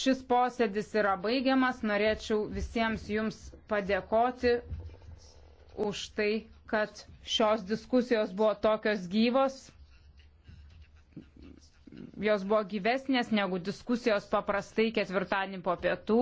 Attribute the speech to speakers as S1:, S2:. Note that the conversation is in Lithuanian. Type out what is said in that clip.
S1: Šis posėdis yra baigiamas. Norėčiau visiems jums padėkoti už tai, kad šios diskusijos buvo tokios gyvos. Jos buvo gyvesnės negu diskusijos paprastai ketvirtadienį po pietų.